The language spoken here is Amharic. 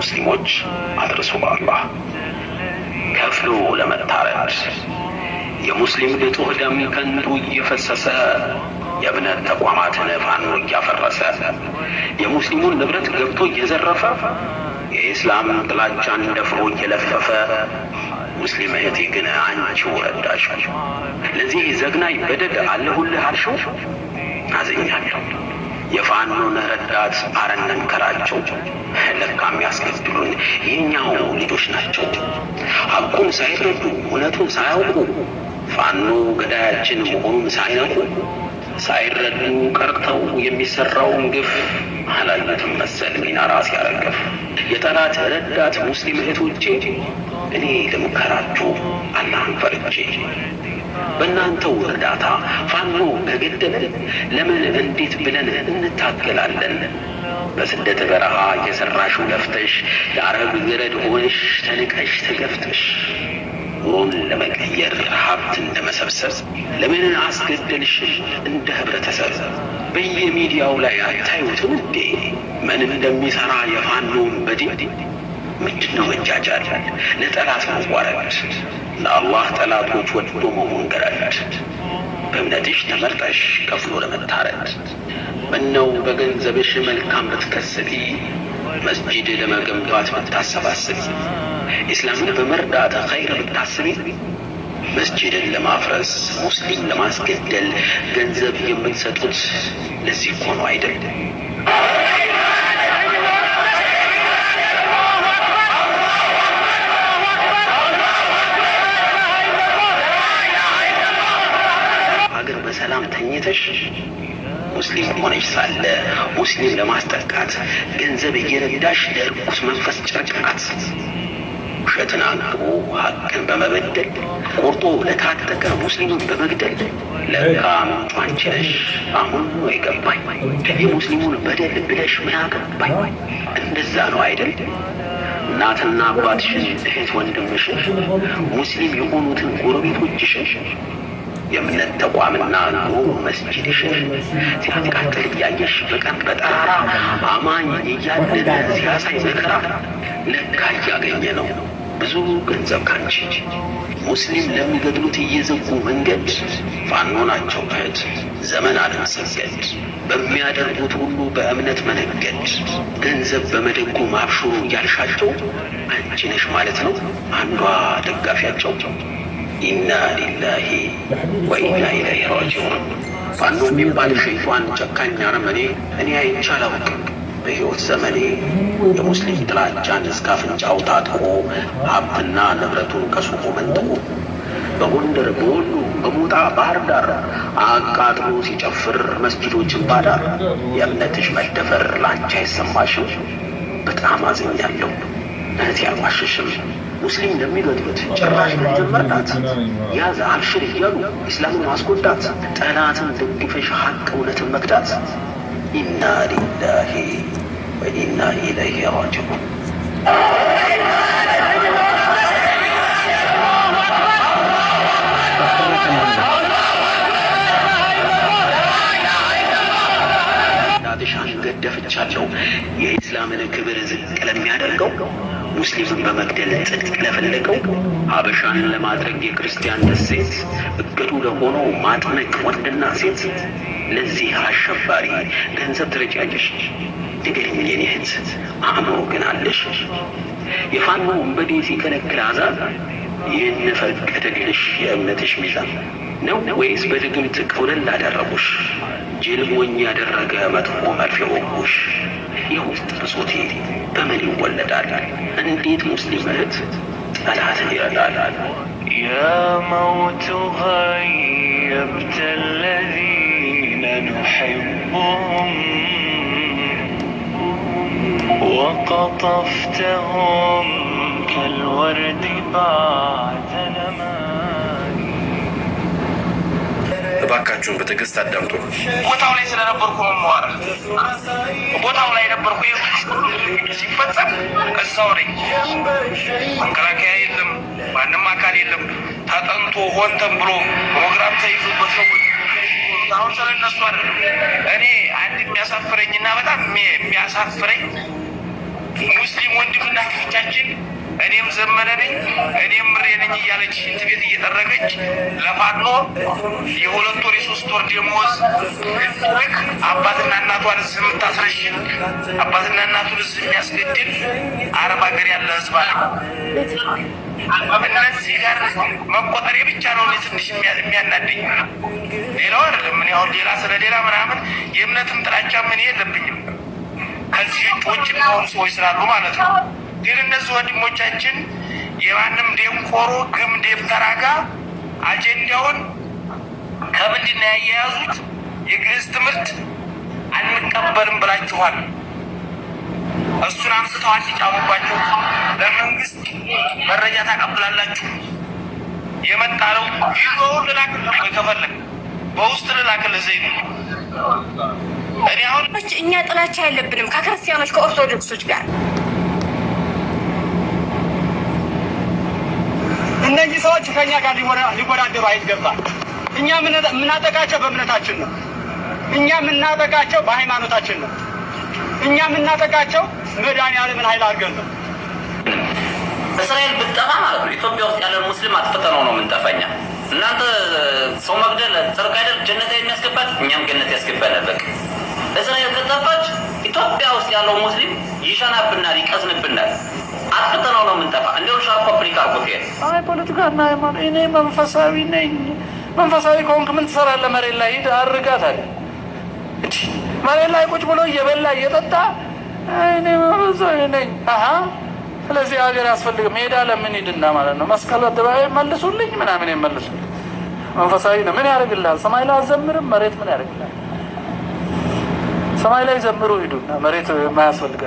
ሙስሊሞች አድርሱ በአላህ ከፍሎ ለመታረድ የሙስሊም ግጡህ ደም ከንቱ እየፈሰሰ የእምነት ተቋማትን ፋኖ እያፈረሰ የሙስሊሙን ንብረት ገብቶ እየዘረፈ የኢስላም ጥላቻን ደፍሮ እየለፈፈ ሙስሊም እህቴ ግን አንቺው ረዳሽ ለዚህ ዘግናኝ በደል አለሁልህ አልሽው አዘኛለሁ። የፋኖን ረዳት አረነን ከራቸው ለካ የሚያስገድሉን ልጆች ናቸው። ሐቁን ሳይረዱ እውነቱን ሳያውቁ ፋኖ ገዳያችን መሆኑን ሳይነቁ ሳይረዱ ቀርተው የሚሰራውን ግፍ ሐላልነትን መሰል ሚና ራስ ያረገፍ የጠላት ረዳት ሙስሊም እህቶቼ እኔ ልምከራችሁ አላህን ፈርቼ በእናንተው እርዳታ ፋኖ ከገደለ ለምን እንዴት ብለን እንታገላለን? በስደት በረሃ የሰራሽው ለፍተሽ የአረብ ገረድ ሆነሽ ተንቀሽ ተገፍተሽ ኑሮን ለመቀየር ሀብት እንደመሰብሰብ ለምን አስገደልሽ? እንደ ህብረተሰብ በየሚዲያው ላይ አታዩትም እንዴ? ምን እንደሚሰራ የፋኖውን በዲ ምንድን ነው መጃጃል? ለጠላት መዋረድ፣ ለአላህ ጠላቶች ወድዶ መወንገራድ፣ በእምነትሽ ተመርጠሽ ከፍሎ ለመታረድ። ምነው በገንዘብሽ መልካም ብትከስቢ መስጂድ ለመገንባት ብታሰባስቢ፣ ኢስላምን በመርዳት ኸይር ብታስቢ፣ መስጂድን ለማፍረስ ሙስሊም ለማስገደል ገንዘብ የምትሰጡት ለዚህ እኮ ነው በሰላም ተኝተሽ ሙስሊም ሆነሽ ሳለ ሙስሊም ለማስጠቃት ገንዘብ እየረዳሽ ለርኩስ መንፈስ ጭርጭራት ውሸትን አንግቦ ሀቅን በመበደል ቆርጦ ለታጠቀ ሙስሊሙን በመግደል ለካ ምንጩ አሁን ነው የገባኝ የሙስሊሙን በደል ብለሽ ምን አገባኝ? እንደዛ ነው አይደል? እናትና አባትሽን፣ እህት ወንድምሽን፣ ሙስሊም የሆኑትን ጎረቤቶችሽን የእምነት ተቋምና ኑሩ መስጂድሽን ሲያቃጥል እያየሽ ፍቅር በጠራራ አማኝ እያለን ሲያሳይ መከራ ነካ እያገኘ ነው ብዙ ገንዘብ ካንቺ ሙስሊም ለሚገድሉት እየዘጉ መንገድ ፋኖ ናቸው እህት ዘመን አለመሰገድ በሚያደርጉት ሁሉ በእምነት መነገድ ገንዘብ በመደጎ ማብሹሩ እያልሻቸው አንቺ ነሽ ማለት ነው አንዷ ደጋፊያቸው ኢና ሊላሂ ወኢና ኢለይሂ ራጂዑን። ፋኖ የሚባል ሸይጣን ጨካኝ አረመኔ እኔ አይቼ አላውቅም። በሕይወት ዘመኔ የሙስሊም ጥላቻን እስከ አፍንጫው ታጥቆ ሀብትና ንብረቱን ከሱቁ መንጥቆ በጎንደር በወሎ በሞጣ ባህር ዳር አቃጥሎ ሲጨፍር መስጂዶችን ባዳር የእምነትሽ መደፈር ላንቺ አይሰማሽም። በጣም አዝኛለሁ እህቴ አልዋሽሽም። ሙስሊም እንደሚገድሉት ጭራሽ መጀመርናት ያዝ አልሽር እያሉ ኢስላምን ማስጎዳት፣ ጠላትን ደግፈሽ ሀቅ እውነትን መክዳት። ኢና ሊላሂ ወኢና ኢለይሂ ራጂዑን። እናትሽ አንገት ደፍቻለሁ የኢስላምን ክብር ዝቅ ለሚያደርገው ሙስሊምን በመግደል ጽድቅ ለፈለገው ሀበሻን ለማድረግ የክርስቲያን ደሴት እቅዱ ለሆነው ማጥመቅ ወንድና ሴት ለዚህ አሸባሪ ገንዘብ ትረጫለሽ፣ ንገሪኝ የኔ እህት አእምሮ ግን አለሽ? የፋኖ ወንበዴ ሲከለክል አዛዛ የነፈቀደልሽ የእምነትሽ ሚዛን ነው ወይስ በድግምት ክፉንን አደረጉሽ? ጅል ሞኝ ያደረገ መጥፎ መርፌ ወጉሽ። የውስጥ ብሶቴ በምን ይወለዳል? እንዴት ሙስሊም እህት ጠላትን ይረዳል? ያ መውቱ ሀይብተ ለዚነ ኑሕቡሁም وقطفتهم እባካችሁን በትዕግስት አዳምጡ። ቦታው ላይ ስለነበርኩ መዋራ ቦታው ላይ ነበርኩ። ሲፈጸም እዛው ነኝ። መከላከያ የለም፣ ማንም አካል የለም። ተጠንቶ ሆን ተብሎ ፕሮግራም ተይዞበት ሰው አሁን ስለ እነሱ አይደለም። እኔ አንድ የሚያሳፍረኝ እና በጣም የሚያሳፍረኝ ሙስሊም ወንድምና ክፍቻችን እኔም ዘመነ ነኝ እኔም ምሬ ነኝ እያለች ሽንት ቤት እየጠረገች ለፋኖ የሁለት ወር የሶስት ወር ደሞዝ ልክ አባትና እናቷን እዚህ የምታስረሽን አባትና እናቱን እዚህ የሚያስገድል አረብ ሀገር ያለ ህዝብ አለ። እነዚህ ጋር መቆጠሬ ብቻ ነው ትንሽ የሚያናደኝ። ሌላው አይደለም። ምን ያሁን ሌላ ስለ ሌላ ምናምን የእምነትም ጥላቻ ምን የለብኝም። ከዚህ ውጭ የሚሆኑ ሰዎች ስላሉ ማለት ነው። ግን እነዚህ ወንድሞቻችን የማንም ደንኮሮ ግም ደብተራ ጋር አጀንዳውን ከምንድን ነው ያያያዙት? የግዕዝ ትምህርት አንቀበልም ብላችኋል። እሱን አንስተው አልጫሙባቸው። ለመንግስት መረጃ ታቀብላላችሁ። የመጣለው ቪዲዮውን ልላክልህ ወይ ከፈለግ በውስጥ ልላክልህ ዘይ እኔ አሁን እኛ ጥላቻ የለብንም ከክርስቲያኖች ከኦርቶዶክሶች ጋር እነዚህ ሰዎች ከኛ ጋር ሊወዳደሩ አይገባል። እኛ የምናጠቃቸው በእምነታችን ነው። እኛ የምናጠቃቸው በሃይማኖታችን ነው። እኛ የምናጠቃቸው መድኃኒዓለምን ኃይል አድርገን ነው። እስራኤል ብጠፋ ማለት ነው ኢትዮጵያ ውስጥ ያለን ሙስሊም አጥፍተነው ነው የምንጠፋኛ። እናንተ ሰው መግደል ጽርቅ አይደል? ጀነት የሚያስገባት እኛም ገነት ያስገባናል። በቃ እስራኤል ከጠፋች ኢትዮጵያ ውስጥ ያለው ሙስሊም ይሸናብናል፣ ይቀዝንብናል። አጥብቀነው ነው የምንጠፋ። እንደው ሻርፕ አፍሪካ አይ ፖለቲካና ሃይማኖት እኔ መንፈሳዊ ነኝ። መንፈሳዊ ከሆንክ ምን ትሰራለህ? መሬት ላይ ሂድ አድርጋት አለ። መሬት ላይ ቁጭ ብሎ እየበላ እየጠጣ እኔ መንፈሳዊ ነኝ። ስለዚህ ሀገር አያስፈልግም። ሜዳ ለምን ሂድና ማለት ነው መስቀል አደባባይ መልሱልኝ ምናምን የመልሱልኝ መንፈሳዊ ነው። ምን ያደርግልሃል? ሰማይ ላይ አዘምርም መሬት ምን ያደርግልሃል? ሰማይ ላይ ዘምሩ ሂዱና መሬት የማያስፈልጋል